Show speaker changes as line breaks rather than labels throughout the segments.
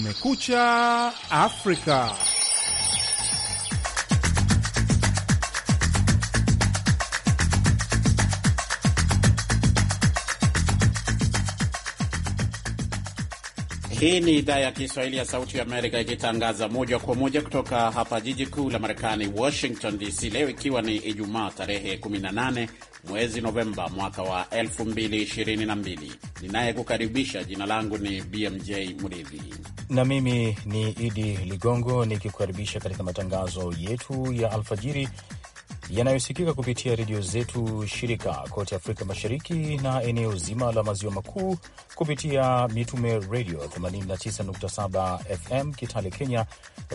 Kumekucha Afrika.
Hii ni idhaa ya Kiswahili ya Sauti ya Amerika ikitangaza moja kwa moja kutoka hapa jiji kuu la Marekani, Washington DC, leo ikiwa ni Ijumaa tarehe 18 mwezi Novemba mwaka wa 2022. Ninayekukaribisha, jina langu ni BMJ Mridhi
na mimi ni Idi Ligongo nikikukaribisha katika matangazo yetu ya alfajiri yanayosikika kupitia redio zetu shirika kote Afrika Mashariki na eneo zima la maziwa makuu kupitia Mitume Redio 89.7 FM Kitale Kenya,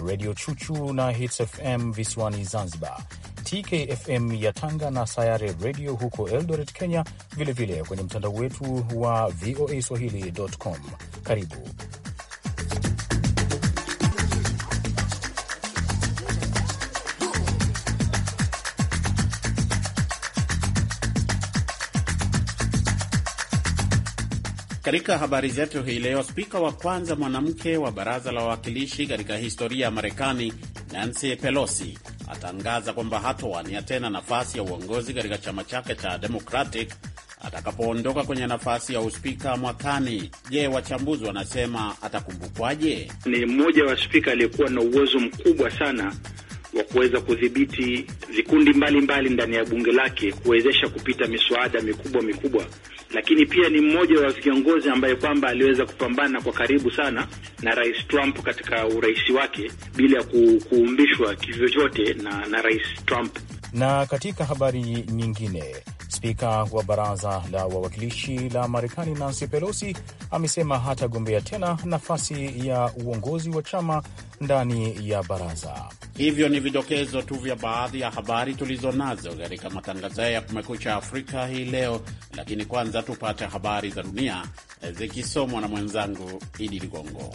Redio Chuchu na Hits FM visiwani Zanzibar, TKFM ya Tanga na Sayare Redio huko Eldoret, Kenya, vilevile kwenye mtandao wetu wa VOA swahili.com. Karibu
Katika habari zetu hii leo, spika wa kwanza mwanamke wa baraza la wawakilishi katika historia ya Marekani, Nancy Pelosi atangaza kwamba hatowania tena nafasi ya uongozi katika chama chake cha Democratic atakapoondoka kwenye nafasi ya uspika mwakani. Je, wachambuzi wanasema atakumbukwaje?
Ni mmoja wa spika aliyekuwa na uwezo mkubwa sana wa kuweza kudhibiti vikundi mbalimbali ndani ya bunge lake kuwezesha kupita miswada mikubwa mikubwa, lakini pia ni mmoja wa viongozi ambaye kwamba aliweza kupambana kwa karibu sana na Rais Trump katika urais wake bila ku, kuumbishwa kivyovyote na, na Rais Trump.
Na katika habari nyingine Spika wa baraza la wawakilishi la Marekani Nancy Pelosi amesema hatagombea tena nafasi ya uongozi wa chama ndani ya baraza.
Hivyo ni vidokezo tu vya baadhi ya habari tulizonazo katika matangazo ya Kumekucha Afrika hii leo, lakini kwanza tupate habari za dunia eh, zikisomwa na mwenzangu Idi Ligongo.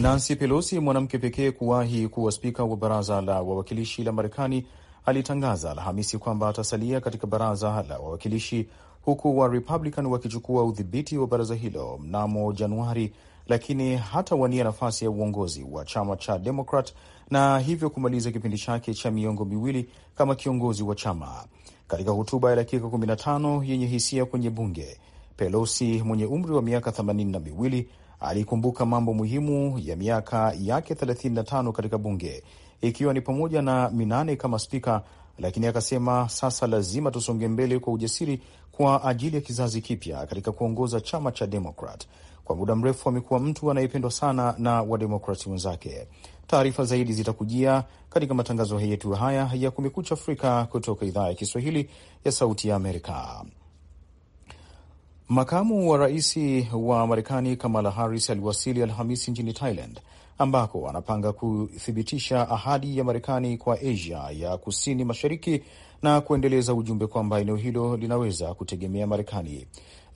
Nancy Pelosi, mwanamke pekee kuwahi kuwa spika wa baraza la wawakilishi la Marekani, alitangaza Alhamisi kwamba atasalia katika baraza la wawakilishi huku wa Republican wakichukua udhibiti wa baraza hilo mnamo Januari, lakini hatawania nafasi ya uongozi wa chama cha Demokrat na hivyo kumaliza kipindi chake cha miongo miwili kama kiongozi wa chama. Katika hotuba ya dakika 15 yenye hisia kwenye bunge, Pelosi mwenye umri wa miaka themanini na miwili alikumbuka mambo muhimu ya miaka yake 35 katika bunge ikiwa ni pamoja na minane kama spika, lakini akasema sasa lazima tusonge mbele kwa ujasiri kwa ajili ya kizazi kipya katika kuongoza chama cha Demokrat. Kwa muda mrefu amekuwa mtu anayependwa sana na wademokrati wenzake. Taarifa zaidi zitakujia katika matangazo yetu haya ya Kumekucha Afrika kutoka idhaa ya Kiswahili ya Sauti ya Amerika. Makamu wa rais wa Marekani Kamala Harris aliwasili Alhamisi nchini Thailand ambako anapanga kuthibitisha ahadi ya Marekani kwa Asia ya kusini mashariki na kuendeleza ujumbe kwamba eneo hilo linaweza kutegemea Marekani.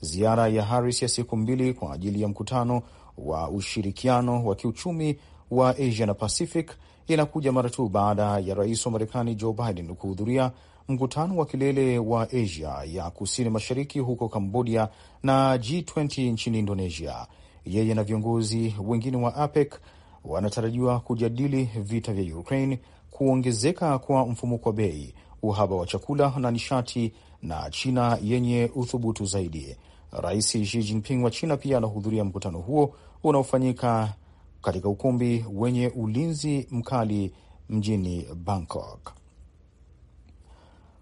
Ziara ya Harris ya siku mbili kwa ajili ya mkutano wa ushirikiano wa kiuchumi wa Asia na Pacific inakuja mara tu baada ya rais wa Marekani Joe Biden kuhudhuria mkutano wa kilele wa Asia ya kusini mashariki huko Kambodia na G20 nchini Indonesia. Yeye na viongozi wengine wa APEC wanatarajiwa kujadili vita vya Ukraine, kuongezeka kwa mfumuko wa bei, uhaba wa chakula na nishati, na China yenye uthubutu zaidi. Rais Xi Jinping wa China pia anahudhuria mkutano huo unaofanyika katika ukumbi wenye ulinzi mkali mjini Bangkok.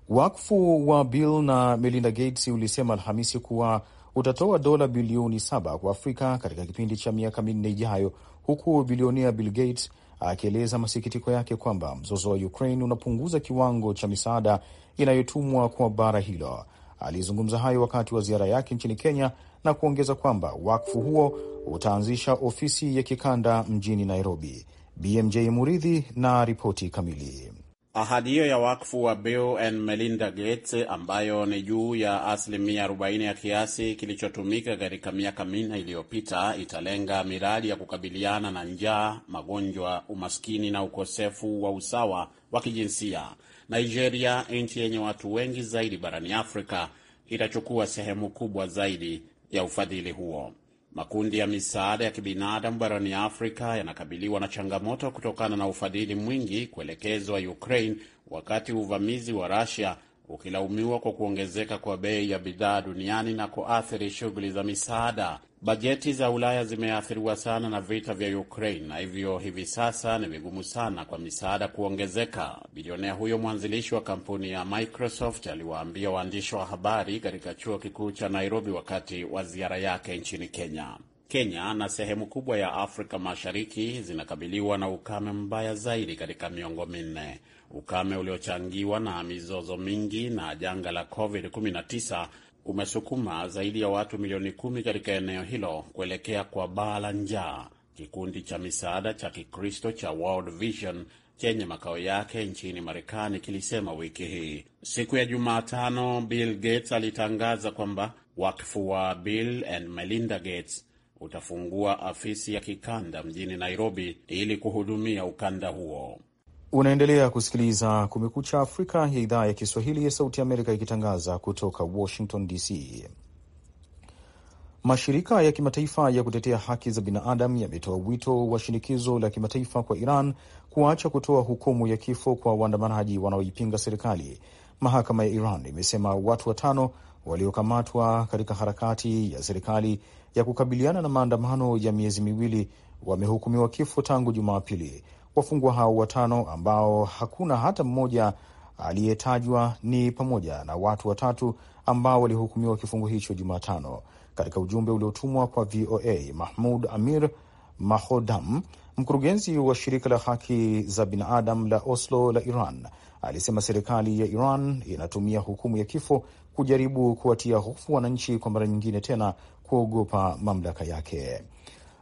Wakfu wa Bill na Melinda Gates ulisema Alhamisi kuwa utatoa dola bilioni saba kwa Afrika katika kipindi cha miaka minne ijayo, huku bilionea Bill Gates akieleza masikitiko yake kwamba mzozo wa Ukraine unapunguza kiwango cha misaada inayotumwa kwa bara hilo. Alizungumza hayo wakati wa ziara yake nchini Kenya na kuongeza kwamba wakfu huo utaanzisha ofisi ya kikanda mjini Nairobi. BMJ Muridhi na ripoti
kamili. Ahadi hiyo ya wakfu wa Bill and Melinda Gates ambayo ni juu ya asilimia 40 ya kiasi kilichotumika katika miaka minne iliyopita italenga miradi ya kukabiliana na njaa, magonjwa, umaskini na ukosefu wa usawa wa kijinsia. Nigeria, nchi yenye watu wengi zaidi barani Afrika, itachukua sehemu kubwa zaidi ya ufadhili huo. Makundi ya misaada ya kibinadamu barani Afrika yanakabiliwa na changamoto kutokana na ufadhili mwingi kuelekezwa Ukraine, wakati uvamizi wa Russia ukilaumiwa kwa kuongezeka kwa bei ya bidhaa duniani na kuathiri shughuli za misaada. Bajeti za Ulaya zimeathiriwa sana na vita vya Ukraine na hivyo hivi sasa ni vigumu sana kwa misaada kuongezeka. Bilionea huyo mwanzilishi wa kampuni ya Microsoft aliwaambia waandishi wa habari katika chuo kikuu cha Nairobi wakati wa ziara yake nchini Kenya. Kenya na sehemu kubwa ya Afrika Mashariki zinakabiliwa na ukame mbaya zaidi katika miongo minne, ukame uliochangiwa na mizozo mingi na janga la COVID-19 umesukuma zaidi ya watu milioni kumi katika eneo hilo kuelekea kwa baa la njaa. Kikundi cha misaada cha Kikristo cha World Vision chenye makao yake nchini Marekani kilisema wiki hii siku ya Jumatano, Bill Gates alitangaza kwamba wakfu wa Bill and Melinda Gates utafungua afisi ya kikanda mjini Nairobi ili kuhudumia ukanda huo.
Unaendelea kusikiliza Kumekucha Afrika ya idhaa ya Kiswahili ya Sauti Amerika ikitangaza kutoka Washington DC. Mashirika ya kimataifa ya kutetea haki za binadamu yametoa wito wa shinikizo la kimataifa kwa Iran kuacha kutoa hukumu ya kifo kwa waandamanaji wanaoipinga serikali. Mahakama ya Iran imesema watu watano waliokamatwa katika harakati ya serikali ya kukabiliana na maandamano ya miezi miwili wamehukumiwa kifo tangu Jumapili. Wafungwa hao watano ambao hakuna hata mmoja aliyetajwa ni pamoja na watu watatu ambao walihukumiwa kifungo hicho Jumatano. Katika ujumbe uliotumwa kwa VOA, Mahmud Amir Mahodam, mkurugenzi wa shirika la haki za binadamu la Oslo la Iran, alisema serikali ya Iran inatumia hukumu ya kifo kujaribu kuwatia hofu wananchi kwa mara nyingine tena kuogopa mamlaka yake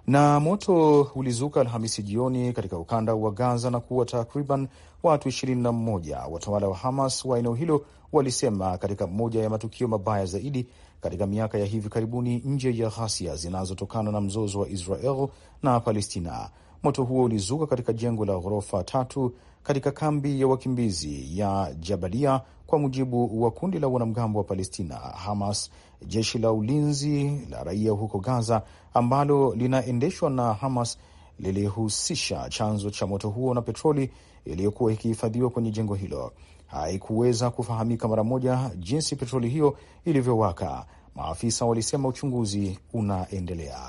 na moto ulizuka Alhamisi jioni katika ukanda wa Gaza na kuwa takriban watu 21, watawala wa Hamas wa eneo hilo walisema katika moja ya matukio mabaya zaidi katika miaka ya hivi karibuni nje ya ghasia zinazotokana na mzozo wa Israel na Palestina. Moto huo ulizuka katika jengo la ghorofa tatu katika kambi ya wakimbizi ya Jabalia, kwa mujibu wa kundi la wanamgambo wa Palestina Hamas. Jeshi la ulinzi la raia huko Gaza ambalo linaendeshwa na Hamas lilihusisha chanzo cha moto huo na petroli iliyokuwa ikihifadhiwa kwenye jengo hilo. Haikuweza kufahamika mara moja jinsi petroli hiyo ilivyowaka. Maafisa walisema uchunguzi unaendelea.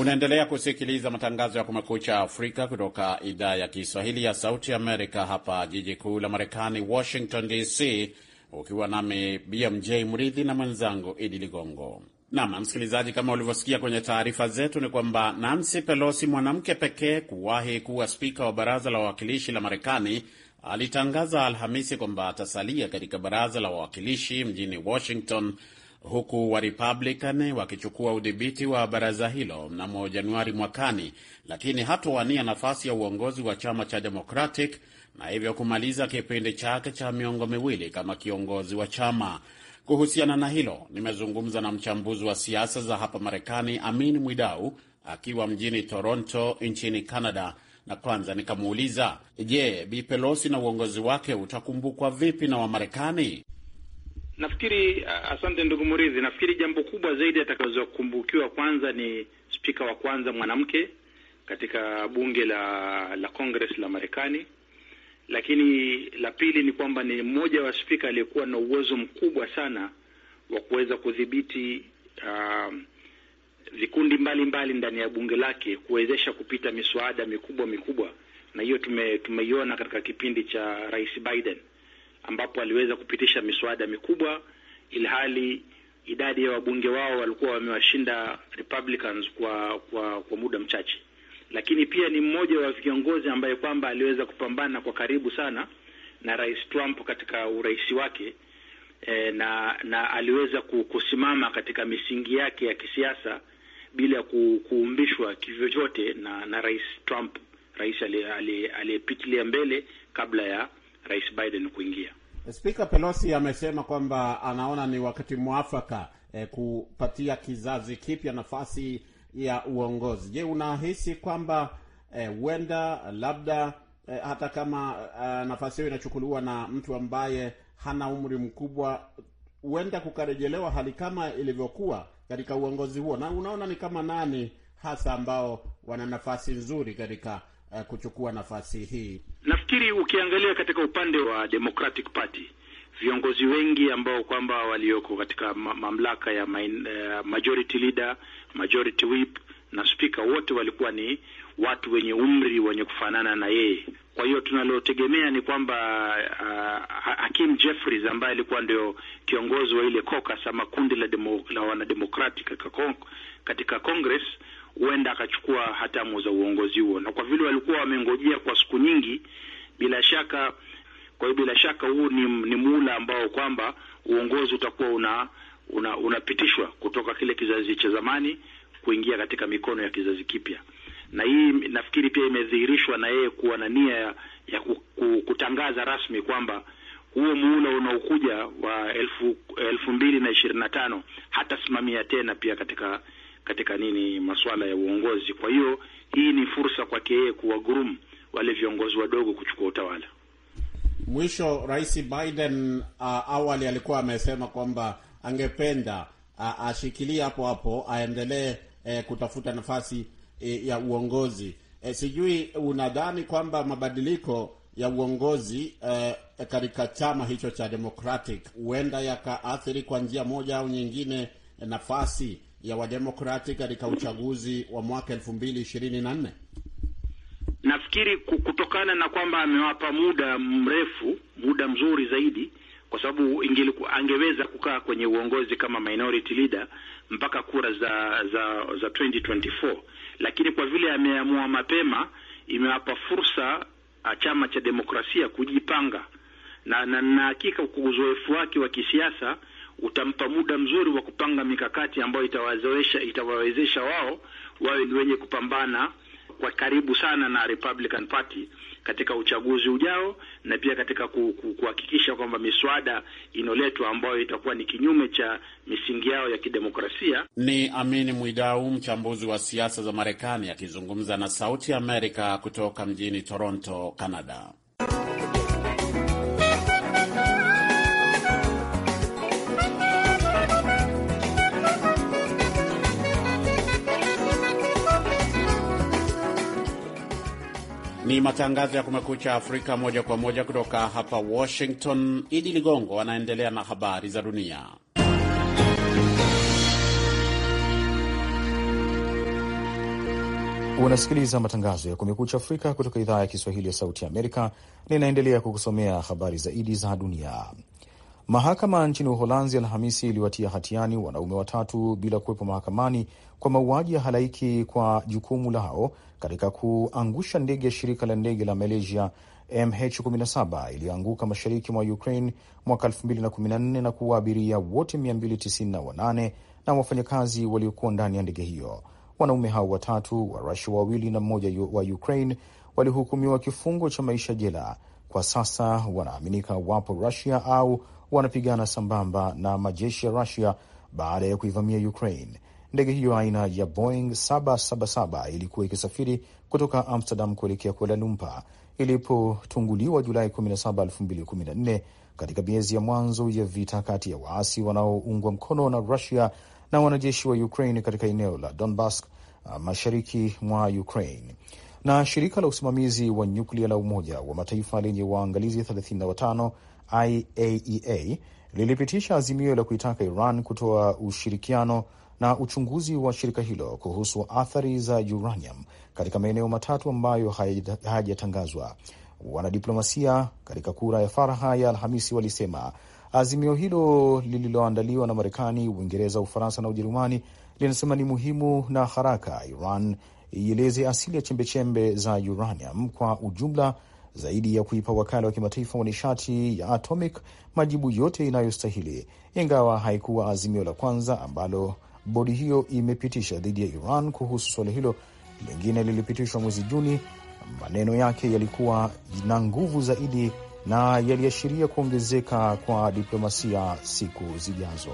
Unaendelea kusikiliza matangazo ya Kumekucha Afrika kutoka idhaa ya Kiswahili ya Sauti Amerika, hapa jiji kuu la Marekani, Washington DC, ukiwa nami BMJ Mridhi na mwenzangu Idi Ligongo. Nam msikilizaji, kama ulivyosikia kwenye taarifa zetu, ni kwamba Nancy Pelosi, mwanamke pekee kuwahi kuwa spika wa baraza la wawakilishi la Marekani, alitangaza Alhamisi kwamba atasalia katika baraza la wawakilishi mjini Washington huku Warepublican wakichukua udhibiti wa baraza hilo mnamo Januari mwakani, lakini hatowania nafasi ya uongozi wa chama cha Democratic na hivyo kumaliza kipindi chake cha miongo miwili kama kiongozi wa chama. Kuhusiana na hilo, nimezungumza na mchambuzi wa siasa za hapa Marekani, Amin Mwidau akiwa mjini Toronto nchini Canada, na kwanza nikamuuliza, je, Bi Pelosi na uongozi wake utakumbukwa vipi na Wamarekani?
Nafikiri asante ndugu Murithi, nafikiri jambo kubwa zaidi atakazokumbukiwa kwanza ni spika wa kwanza mwanamke katika bunge la la Congress la Marekani, lakini la pili ni kwamba ni mmoja wa spika aliyekuwa na uwezo mkubwa sana wa kuweza kudhibiti uh, vikundi mbalimbali ndani ya bunge lake kuwezesha kupita miswada mikubwa mikubwa, na hiyo tume- tumeiona katika kipindi cha Rais Biden ambapo aliweza kupitisha miswada mikubwa, ilhali idadi ya wabunge wao walikuwa wamewashinda Republicans kwa kwa kwa muda mchache. Lakini pia ni mmoja wa viongozi ambaye kwamba aliweza kupambana kwa karibu sana na Rais Trump katika urais wake e, na na aliweza kusimama katika misingi yake ya kisiasa bila ku, kuumbishwa kivyovyote na na Rais Trump, rais aliyepitilia mbele kabla ya Rais Biden kuingia.
Spika Pelosi amesema kwamba anaona ni wakati mwafaka eh, kupatia kizazi kipya nafasi ya uongozi. Je, unahisi kwamba eh, huenda eh, labda eh, hata kama eh, nafasi hiyo inachukuliwa na mtu ambaye hana umri mkubwa huenda kukarejelewa hali kama ilivyokuwa katika uongozi huo, na unaona ni kama nani hasa ambao wana nafasi nzuri katika eh, kuchukua nafasi hii
nafikiri ukiangalia katika upande wa Democratic Party viongozi wengi ambao kwamba walioko katika mamlaka ya main, uh, majority leader, majority whip na spika wote walikuwa ni watu wenye umri wenye kufanana na yeye. Kwa hiyo tunalotegemea ni kwamba uh, Hakim Jeffries ambaye alikuwa ndio kiongozi wa ile caucus ama kundi la, la wanademokrati katika Congress huenda akachukua hatamu za uongozi huo, na kwa vile walikuwa wamengojea kwa siku nyingi bila shaka. Kwa hiyo bila shaka huu ni, ni muula ambao kwamba uongozi utakuwa una unapitishwa una kutoka kile kizazi cha zamani kuingia katika mikono ya kizazi kipya, na hii nafikiri pia imedhihirishwa na yeye kuwa na nia ya, ya kutangaza rasmi kwamba huo muula unaokuja wa elfu, elfu mbili na ishirini na tano hatasimamia tena pia katika katika nini masuala ya uongozi. Kwa hiyo hii ni fursa kwake yeye kuwagurumu wale viongozi wadogo kuchukua utawala.
Mwisho, Rais Biden uh, awali alikuwa amesema kwamba angependa uh, ashikilie hapo hapo aendelee uh, kutafuta nafasi uh, ya uongozi uh, sijui unadhani kwamba mabadiliko ya uongozi uh, katika chama hicho cha Democratic huenda yakaathiri kwa njia moja au nyingine nafasi ya Wademokrati katika uchaguzi wa mwaka elfu mbili ishirini na nne?
Nafikiri kutokana na kwamba amewapa muda mrefu, muda mzuri zaidi, kwa sababu angeweza kukaa kwenye uongozi kama minority leader mpaka kura za za za 2024 lakini kwa vile ameamua mapema, imewapa fursa ah, chama cha demokrasia kujipanga, na na hakika uzoefu wake wa kisiasa utampa muda mzuri wa kupanga mikakati ambayo itawawezesha itawawezesha wao wawe ni wenye kupambana kwa karibu sana na Republican Party katika uchaguzi ujao, na pia katika kuhakikisha kwamba miswada inoletwa ambayo itakuwa ni kinyume cha misingi yao ya kidemokrasia.
Ni Amini Mwidau, mchambuzi wa siasa za Marekani, akizungumza na Sauti ya Amerika kutoka mjini Toronto, Canada. Ni matangazo ya Kumekucha Afrika moja kwa moja kutoka hapa Washington. Idi Ligongo anaendelea na habari za dunia.
Unasikiliza matangazo ya Kumekucha Afrika kutoka idhaa ya Kiswahili ya Sauti ya Amerika. Ninaendelea kukusomea habari zaidi za dunia. Mahakama nchini Uholanzi Alhamisi iliwatia hatiani wanaume watatu bila kuwepo mahakamani kwa mauaji ya halaiki kwa jukumu lao katika kuangusha ndege ya shirika la ndege la Malaysia MH17 iliyoanguka mashariki mwa Ukraine mwaka 2014 na kuua abiria wote 298 na wafanyakazi waliokuwa ndani ya ndege hiyo. Wanaume hao watatu wa Rusia wawili na mmoja wa Ukraine walihukumiwa kifungo cha maisha jela. Kwa sasa wanaaminika wapo Rusia au wanapigana sambamba na majeshi ya Rusia baada ya kuivamia Ukraine. Ndege hiyo aina ya Boeing 777 ilikuwa ikisafiri kutoka Amsterdam kuelekea Kuala Lumpur ilipotunguliwa Julai 17, 2014 katika miezi ya mwanzo ya vita kati ya waasi wanaoungwa mkono na Rusia na wanajeshi wa Ukraine katika eneo la Donbas, uh, mashariki mwa Ukraine. Na shirika la usimamizi wa nyuklia la Umoja wa Mataifa lenye waangalizi 35 IAEA e lilipitisha azimio la kuitaka Iran kutoa ushirikiano na uchunguzi wa shirika hilo kuhusu athari za uranium katika maeneo matatu ambayo hayajatangazwa. Wanadiplomasia katika kura ya faraha ya Alhamisi walisema azimio hilo lililoandaliwa na Marekani, Uingereza, Ufaransa na Ujerumani linasema ni muhimu na haraka Iran ieleze asili ya chembechembe za uranium kwa ujumla zaidi ya kuipa wakala wa kimataifa wa nishati ya atomic majibu yote inayostahili, ingawa haikuwa azimio la kwanza ambalo bodi hiyo imepitisha dhidi ya Iran kuhusu suala hilo. Lingine lilipitishwa mwezi Juni. Maneno yake yalikuwa na nguvu zaidi na yaliashiria kuongezeka kwa diplomasia siku zijazo.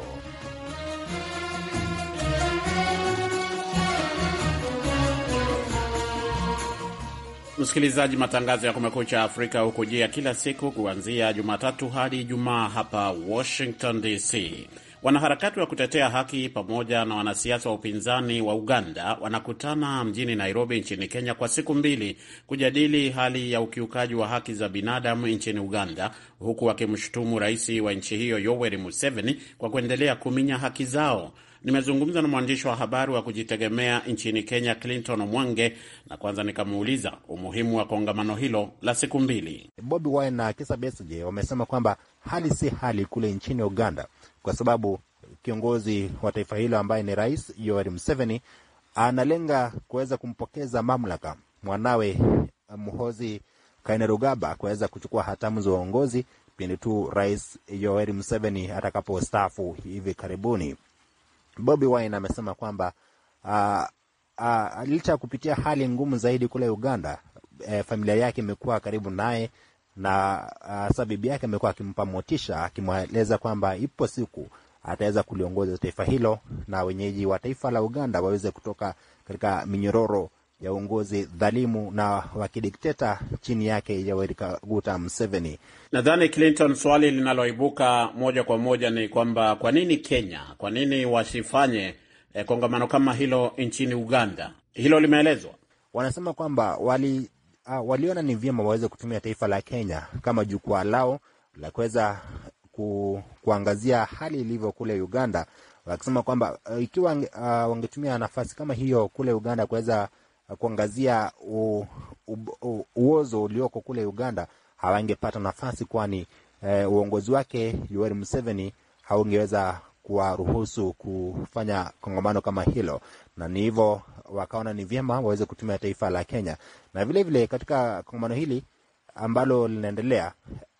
Msikilizaji, matangazo ya Kumekucha Afrika hukujia kila siku kuanzia Jumatatu hadi Ijumaa hapa Washington DC. Wanaharakati wa kutetea haki pamoja na wanasiasa wa upinzani wa Uganda wanakutana mjini Nairobi nchini Kenya kwa siku mbili kujadili hali ya ukiukaji wa haki za binadamu nchini Uganda, huku wakimshutumu rais wa nchi hiyo Yoweri Museveni kwa kuendelea kuminya haki zao. Nimezungumza na mwandishi wa habari wa kujitegemea nchini Kenya, Clinton mwange na kwanza nikamuuliza umuhimu wa kongamano hilo la siku mbili.
Bobi Wine na Kizza Besigye wamesema kwamba hali si hali kule nchini Uganda, kwa sababu kiongozi wa taifa hilo ambaye ni Rais Yoweri Museveni analenga kuweza kumpokeza mamlaka mwanawe Muhozi Kainerugaba kuweza kuchukua hatamu za uongozi pindi tu Rais Yoweri Museveni atakapostaafu hivi karibuni. Bobi Wine amesema kwamba ah, ah, licha ya kupitia hali ngumu zaidi kule Uganda, eh, familia yake imekuwa karibu naye na ah, sabibi yake amekuwa akimpa motisha, akimweleza kwamba ipo siku ataweza kuliongoza taifa hilo na wenyeji wa taifa la Uganda waweze kutoka katika minyororo ya uongozi dhalimu na wa kidikteta chini yake Yoweri Kaguta Museveni.
Nadhani Clinton, swali linaloibuka moja kwa moja ni kwamba kwa nini Kenya, kwa nini wasifanye eh, kongamano kama hilo nchini Uganda? Hilo limeelezwa,
wanasema kwamba wali ah, waliona ni vyema waweze kutumia taifa la Kenya kama jukwaa lao la kuweza ku, kuangazia hali ilivyo kule Uganda, wakisema kwamba uh, ikiwa uh, wangetumia nafasi kama hiyo kule Uganda kuweza kuangazia uozo ulioko kule Uganda hawangepata nafasi, kwani e, uongozi wake Yoweri Museveni haungeweza kuwaruhusu kufanya kongamano kama hilo, na ni hivyo wakaona ni vyema waweze kutumia taifa la Kenya. Na vilevile vile katika kongamano hili ambalo linaendelea,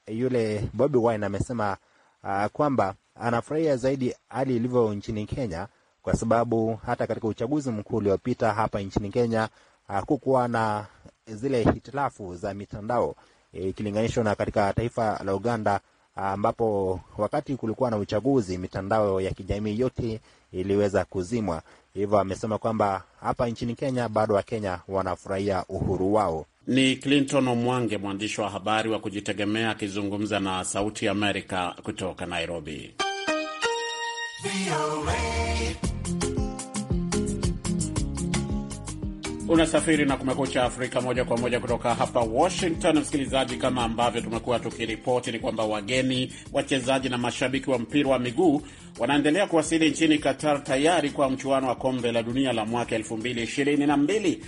yule Bobi Wine amesema uh, kwamba anafurahia zaidi hali ilivyo nchini Kenya kwa sababu hata katika uchaguzi mkuu uliopita hapa nchini Kenya hakukuwa na zile hitilafu za mitandao e, ikilinganishwa e, na katika taifa la Uganda ambapo wakati kulikuwa na uchaguzi mitandao ya kijamii yote iliweza kuzimwa. Hivyo amesema kwamba hapa nchini Kenya bado Wakenya wanafurahia uhuru wao.
Ni Clinton Omwange, mwandishi wa habari wa kujitegemea akizungumza na Sauti ya Amerika kutoka Nairobi. Unasafiri na Kumekucha Afrika moja kwa moja kutoka hapa Washington. Msikilizaji, kama ambavyo tumekuwa tukiripoti ni kwamba wageni, wachezaji na mashabiki wa mpira wa miguu wanaendelea kuwasili nchini Qatar tayari kwa mchuano wa kombe la dunia la mwaka 2022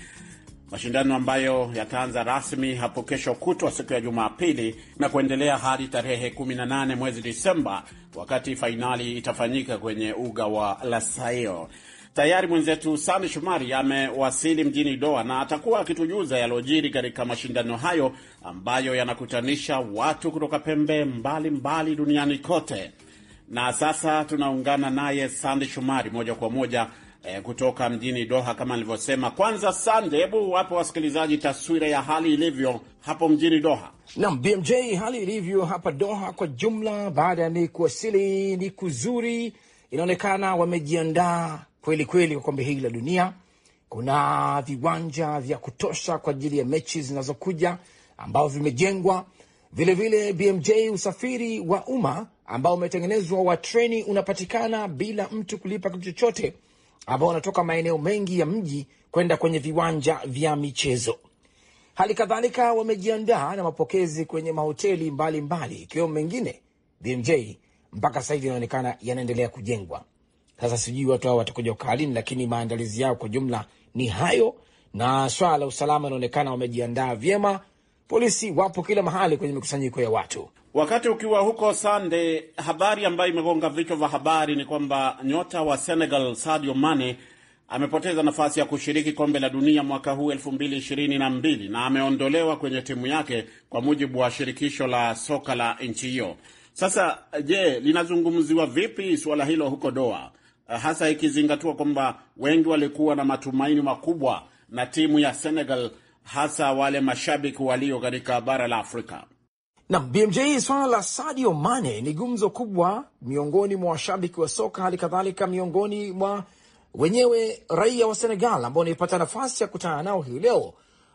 mashindano ambayo yataanza rasmi hapo kesho kutwa siku ya Jumapili na kuendelea hadi tarehe 18 mwezi Disemba, wakati fainali itafanyika kwenye uga wa lasaio Tayari mwenzetu Sande Shomari amewasili mjini Doha na atakuwa akitujuza yalojiri katika mashindano hayo ambayo yanakutanisha watu kutoka pembe mbalimbali mbali duniani kote. Na sasa tunaungana naye Sande Shomari moja kwa moja eh, kutoka mjini Doha kama alivyosema. Kwanza Sande, hebu wape wasikilizaji taswira ya hali ilivyo hapo mjini Doha.
Nam BMJ, hali ilivyo hapa Doha kwa jumla baada ya ni kuwasili ni kuzuri, inaonekana wamejiandaa kweli kweli kwa kombe hili la dunia. Kuna viwanja vya kutosha kwa ajili ya mechi zinazokuja ambao vimejengwa vilevile. BMJ, usafiri wa umma ambao umetengenezwa wa treni unapatikana bila mtu kulipa kitu chochote, ambao wanatoka maeneo mengi ya mji kwenda kwenye viwanja vya michezo. Hali kadhalika wamejiandaa na mapokezi kwenye mahoteli mbalimbali, ikiwemo mengine BMJ mpaka sasa hivi yanaonekana yanaendelea kujengwa. Sasa sijui watu hao watakuja ukaalini lakini maandalizi yao kwa jumla ni hayo, na swala la usalama inaonekana wamejiandaa vyema. Polisi wapo kila mahali kwenye mikusanyiko ya watu.
Wakati ukiwa huko Sande, habari ambayo imegonga vichwa vya habari ni kwamba nyota wa Senegal Sadio Mane amepoteza nafasi ya kushiriki kombe la dunia mwaka huu 2022 na ameondolewa kwenye timu yake kwa mujibu wa shirikisho la soka la nchi hiyo. Sasa je, linazungumziwa vipi suala hilo huko Doha? Eh, hasa ikizingatiwa kwamba wengi walikuwa na matumaini makubwa na timu ya Senegal, hasa wale mashabiki walio katika bara la Afrika.
Na BMJ, swala la Sadio Mane ni gumzo kubwa miongoni mwa washabiki wa soka, hali kadhalika miongoni mwa wenyewe raia wa Senegal ambao nilipata nafasi ya kutana nao hii leo,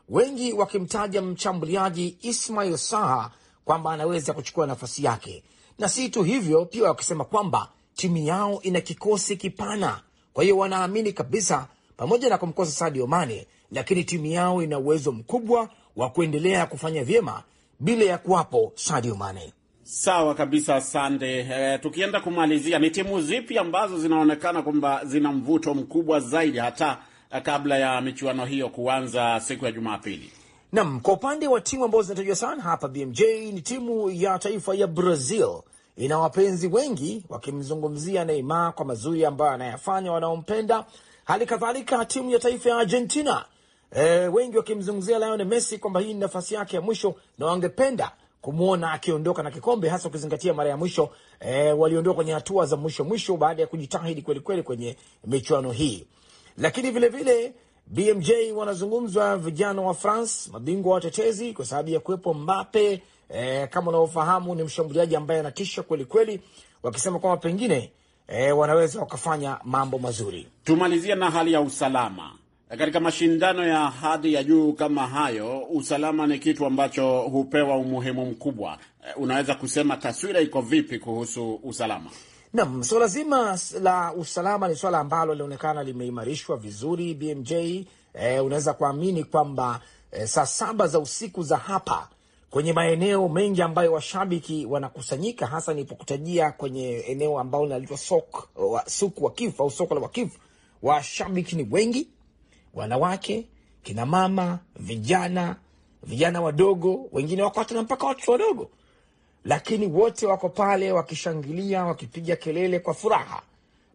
wengi wakimtaja mshambuliaji Ismail Saha kwamba anaweza kuchukua nafasi yake, na si tu hivyo, pia wakisema kwamba timu yao ina kikosi kipana, kwa hiyo wanaamini kabisa, pamoja na kumkosa Sadio Mane, lakini timu yao ina uwezo mkubwa wa kuendelea kufanya vyema bila ya kuwapo Sadio Mane.
Sawa kabisa, asante. E, tukienda kumalizia, ni timu zipi ambazo zinaonekana kwamba zina mvuto mkubwa zaidi hata eh, kabla ya michuano hiyo kuanza siku ya Jumapili?
Naam, kwa upande wa timu ambazo zinatajwa sana hapa BMJ ni timu ya taifa ya Brazil ina wapenzi wengi wakimzungumzia Neymar kwa mazuri ambayo anayafanya wanaompenda. Hali kadhalika timu ya taifa ya Argentina e, wengi wakimzungumzia Lionel Messi kwamba hii ni nafasi yake ya mwisho na wangependa kumwona akiondoka na kikombe, hasa ukizingatia mara ya mwisho e, waliondoka kwenye hatua za mwisho mwisho baada ya kujitahidi kwelikweli kwenye michuano hii. Lakini vilevile vile, BMJ wanazungumzwa vijana wa France, mabingwa watetezi, kwa sababu ya kuwepo Mbappe e, kama unavyofahamu ni mshambuliaji ambaye anatisha kweli kweli, wakisema kwamba pengine e, wanaweza wakafanya mambo mazuri.
Tumalizia na hali ya usalama e, katika mashindano ya hadhi ya juu kama hayo, usalama ni kitu ambacho hupewa umuhimu mkubwa. E, unaweza kusema taswira iko vipi kuhusu usalama?
Naam, suala zima la usalama ni suala ambalo linaonekana limeimarishwa vizuri. BMJ, eh, unaweza kuamini kwamba eh, saa saba za usiku za hapa kwenye maeneo mengi ambayo washabiki wanakusanyika, hasa nilipokutajia kwenye eneo ambalo linaitwa sok wa, suku wa Wakif au soko la Wakif, washabiki ni wengi, wanawake, kina mama, vijana, vijana wadogo, wengine wako hata na mpaka watoto wadogo, lakini wote wako pale wakishangilia, wakipiga kelele kwa furaha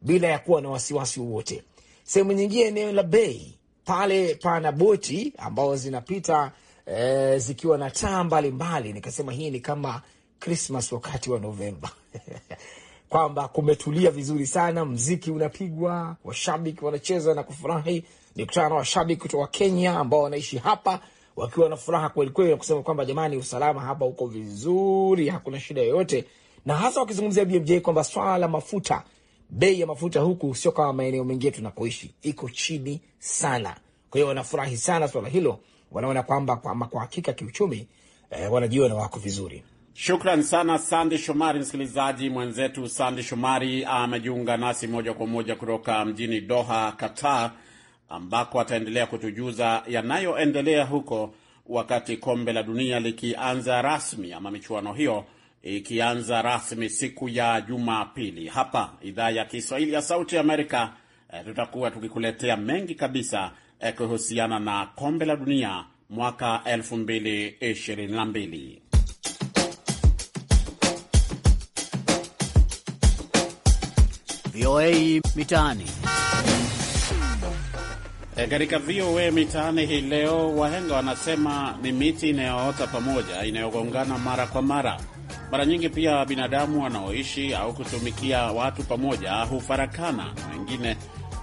bila ya kuwa na wasiwasi wowote. Sehemu nyingine, eneo la bei pale pana boti ambao zinapita e, zikiwa na taa mbalimbali, nikasema hii ni kama Krismas wakati wa Novemba kwamba kumetulia vizuri sana, mziki unapigwa, washabiki wanacheza na kufurahi. Nikutana na washabiki kutoka Kenya ambao wanaishi hapa wakiwa na furaha kwelikweli na kusema kwamba jamani, usalama hapa uko vizuri, hakuna shida yoyote, na hasa wakizungumzia BMJ kwamba swala la mafuta, bei ya mafuta huku sio kama maeneo mengine tunakoishi, iko chini sana. Kwa hiyo wanafurahi sana swala hilo wanaona kwamba kwa, hakika kiuchumi eh, wanajiona na wako vizuri.
Shukran sana Sande Shomari. Msikilizaji mwenzetu Sande Shomari amejiunga nasi moja kwa moja kutoka mjini Doha, Qatar, ambako ataendelea kutujuza yanayoendelea huko wakati kombe la dunia likianza rasmi ama michuano hiyo ikianza rasmi siku ya Jumapili. Hapa idhaa ya Kiswahili ya Sauti Amerika, eh, tutakuwa tukikuletea mengi kabisa kuhusiana na kombe la dunia mwaka 2022. VOA Mitaani. E, katika VOA Mitaani hii leo, wahenga wanasema ni miti inayoota pamoja inayogongana mara kwa mara. Mara nyingi pia binadamu wanaoishi au kutumikia watu pamoja hufarakana na wengine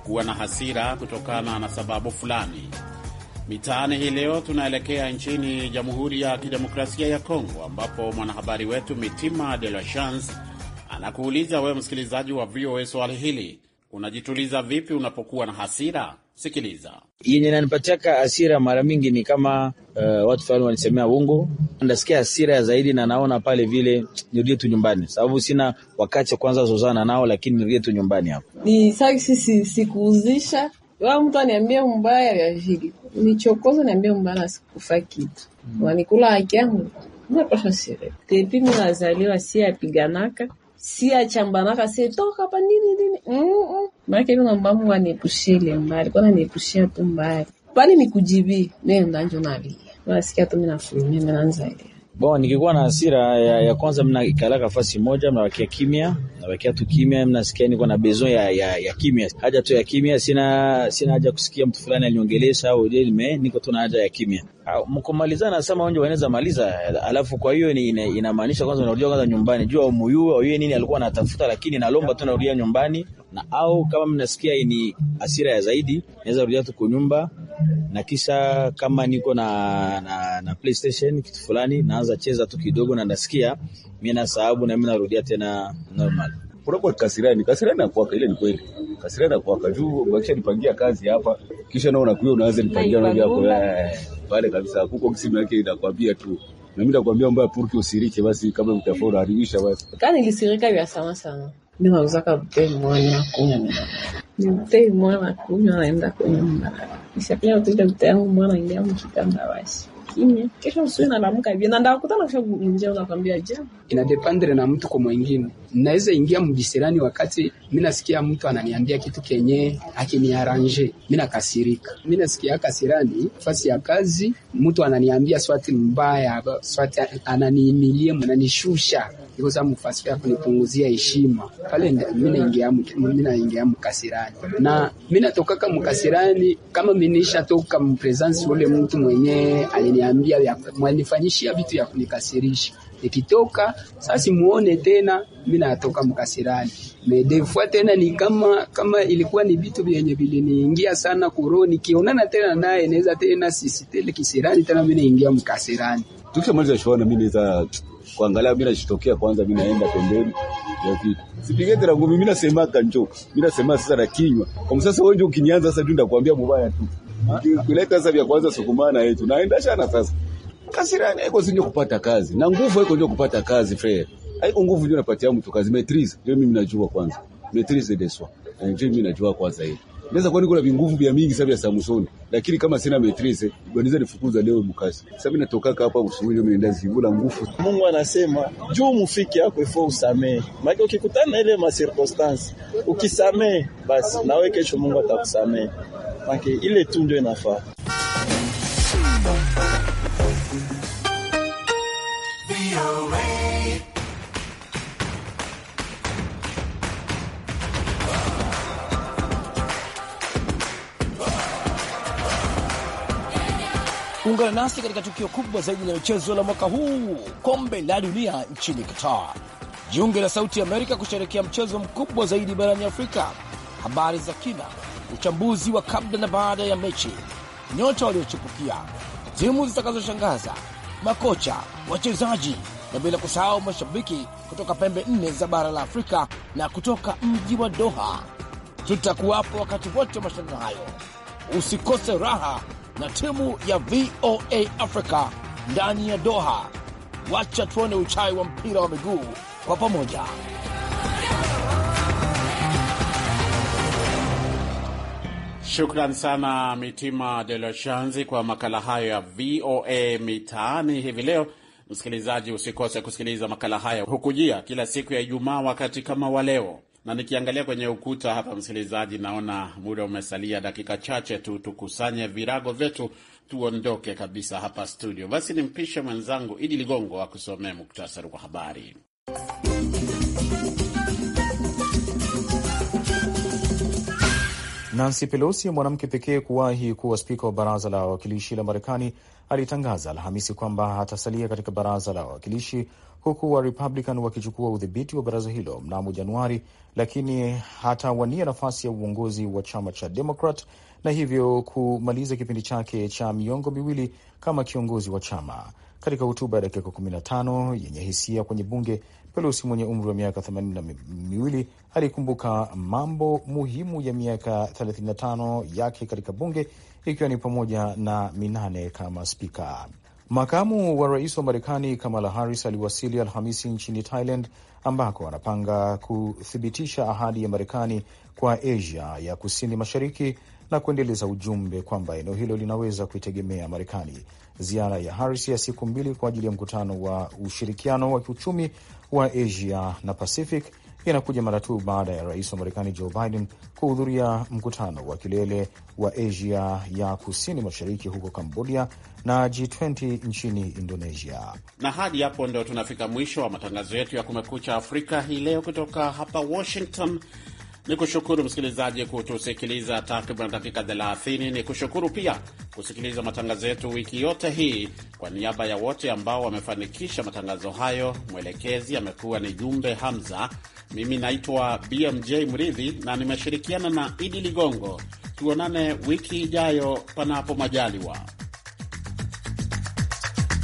kuwa na hasira kutokana na sababu fulani. Mitaani hii leo tunaelekea nchini Jamhuri ya Kidemokrasia ya Kongo, ambapo mwanahabari wetu Mitima De La Chance anakuuliza wewe msikilizaji wa VOA swali hili, unajituliza vipi unapokuwa na hasira? Sikiliza
yenye nanipatiaka asira mara mingi ni kama uh, watu fulani wanisemea uongo, nasikia asira zaidi, na naona pale vile nirudie tu nyumbani, sababu sina wakati wa kwanza zozana nao, lakini nirudie tu nyumbani hapo. Ni sasa sisi sikuuzisha wa mtu aniambia mbaya ya vile nichokoza, niambia mbaya, na sikufa kitu mm. wanikula haki yangu napasha sire tepi si apiganaka si achambanaka si toka hapa nini nini mm mm maana kuna mbamu waniepushie mbali mbaya, alikuwa ananiepushia tu mbali Pale ni kujibii, mimi ndo ndio nalia. Nasikia tu mimi nafurumia, mimi naanza ile. Bon, nikikuwa na hasira ya, ya kwanza mnakalaka fasi moja, mnabakia kimya, mnabakia tu kimya, mnasikia niko na besoin ya, ya, ya kimya, haja tu ya kimya. Sina sina haja kusikia mtu fulani aliongelesha au je, nime niko tu na haja ya kimya. Mkumalizana nasema wanje wanaweza maliza, alafu kwa hiyo inamaanisha ina kwanza unarudia kwanza nyumbani, jua umuyu au nini alikuwa anatafuta, lakini nalomba tu narudia nyumbani na au kama mnasikia ni asira ya zaidi, naweza rudia tu kwa nyumba, na kisha kama niko na, na, na PlayStation kitu fulani, naanza cheza tu kidogo, na nasikia mimi na sababu na mimi narudia tena normal. Kuna kwa kasirani, kasirani na kuwaka ile ni kweli. Kasirani na kuwaka juu mwakisha nipangia kazi hapa, kisha na unakuja unaanza nipangia na vyako eh, pale kabisa, huko simu yake inakwambia tu na mimi nakwambia mbaya, purki usirike basi, kama mtafaulu haribisha basi. Kani lisirika vya sana sana Minauzaga buteyi mwana nakunywa ni buteyi mwana kunywa naenda kwenye kunyumba ishakunywa tuile mtei yangu mwana ingia mkitanda basi kimya, kesho usiwe nalamuka hivyo na ndakutana kesho mwingine unakwambia jambo. Inadependre na mtu kwa mwingine,
naweza ingia mjisirani wakati mimi nasikia mtu ananiambia kitu kenye akiniaranje, mimi nakasirika. Mimi nasikia kasirani fasi ya kazi, mtu ananiambia swati mbaya, swati ananiimilie, ananishusha Ikosa mufasi ya kunipunguzia heshima pale, mimi naingia mkasirani na mimi natokaka mkasirani, kama nisha toka mpresence ule mtu mwenye aliniambia mwanifanyishia vitu ya kunikasirisha Nikitoka sasa muone tena mimi natoka mkasirani. Medefua tena ni kama kama ilikuwa ni vitu vyenye viliniingia sana kuroni. Nikionana tena naye naweza tena sisi tele kisirani tena mimi naingia
mkasirani. Tukishamaliza shona mimi naweza kuangalia mimi nashitokea kwanza mimi naenda pembeni. ya yaani, Sipige tena ngumi mimi nasema kanjo. Mimi nasema sasa na kinywa. Kwa sasa wewe ndio ukinianza sasa ndio ndakwambia mubaya tu. Ah. Kuleta sasa vya kwanza sukumana yetu. Naenda shana sasa. Kasirani haiko zinyo kupata kazi na nguvu haiko ndio kupata kazi frere, haiko nguvu ndio napatia mtu kazi. Maitrise ndio mimi najua kwanza, maitrise de soi eh, ndio mimi najua kwanza hiyo Naweza kuwa niko na vinguvu vya mingi sababu ya Samsoni, lakini kama sina maitrise wanaweza nifukuza leo mkasi. Sababu natoka hapa usuhuli mimi nenda zivula nguvu. Mungu anasema juu mufike hapo ifo usamee. Maana ukikutana na ile ma circumstance, ukisamee basi na wewe kesho Mungu atakusamee. Maana ile tu ndio inafaa.
Ungana nasi katika tukio kubwa zaidi la michezo la mwaka huu, kombe la dunia nchini Qatar. Jiunge na Sauti Amerika kusherekea mchezo mkubwa zaidi barani Afrika. Habari za kina, uchambuzi wa kabla na baada ya mechi, nyota waliochipukia, timu zitakazoshangaza, makocha, wachezaji na bila kusahau mashabiki kutoka pembe nne za bara la Afrika na kutoka mji wa Doha. Tutakuwapo wakati wote wa mashindano hayo, usikose raha na timu ya VOA Africa ndani ya Doha. Wacha tuone uchai wa mpira wa miguu kwa pamoja.
Shukran sana Mitima de Shanzi kwa makala hayo ya VOA Mitaani hivi leo. Msikilizaji, usikose kusikiliza makala haya hukujia kila siku ya Ijumaa wakati kama wa leo na nikiangalia kwenye ukuta hapa, msikilizaji, naona muda umesalia dakika chache tu, tukusanye virago vyetu tuondoke kabisa hapa studio. Basi nimpishe mwenzangu Idi Ligongo akusomee muktasari wa habari.
Nancy Pelosi, mwanamke pekee kuwahi kuwa spika wa baraza la wawakilishi la Marekani, alitangaza Alhamisi kwamba atasalia katika baraza la wawakilishi huku Warepublican wakichukua udhibiti wa baraza hilo mnamo Januari, lakini hatawania nafasi ya uongozi wa chama cha Demokrat na hivyo kumaliza kipindi chake cha miongo miwili kama kiongozi wa chama. Katika hotuba ya dakika 15 yenye hisia kwenye bunge, Pelosi mwenye umri wa miaka themanini na miwili alikumbuka mambo muhimu ya miaka 35 yake katika bunge ikiwa ni pamoja na minane kama spika. Makamu wa rais wa Marekani Kamala Harris aliwasili Alhamisi nchini Thailand ambako anapanga kuthibitisha ahadi ya Marekani kwa Asia ya kusini mashariki na kuendeleza ujumbe kwamba eneo hilo linaweza kuitegemea Marekani. Ziara ya Harris ya siku mbili kwa ajili ya mkutano wa ushirikiano wa kiuchumi wa Asia na Pacific yanakuja mara tu baada ya rais wa Marekani Joe Biden kuhudhuria mkutano wa kilele wa Asia ya kusini mashariki huko Kambodia na G20 nchini Indonesia.
Na hadi hapo ndo tunafika mwisho wa matangazo yetu ya Kumekucha Afrika hii leo kutoka hapa Washington. Ni kushukuru msikilizaji kutusikiliza takriban dakika 30. Ni kushukuru pia kusikiliza matangazo yetu wiki yote hii. Kwa niaba ya wote ambao wamefanikisha matangazo hayo, mwelekezi amekuwa ni Jumbe Hamza. Mimi naitwa BMJ Mridhi na nimeshirikiana na Idi Ligongo. Tuonane wiki ijayo, panapo majaliwa.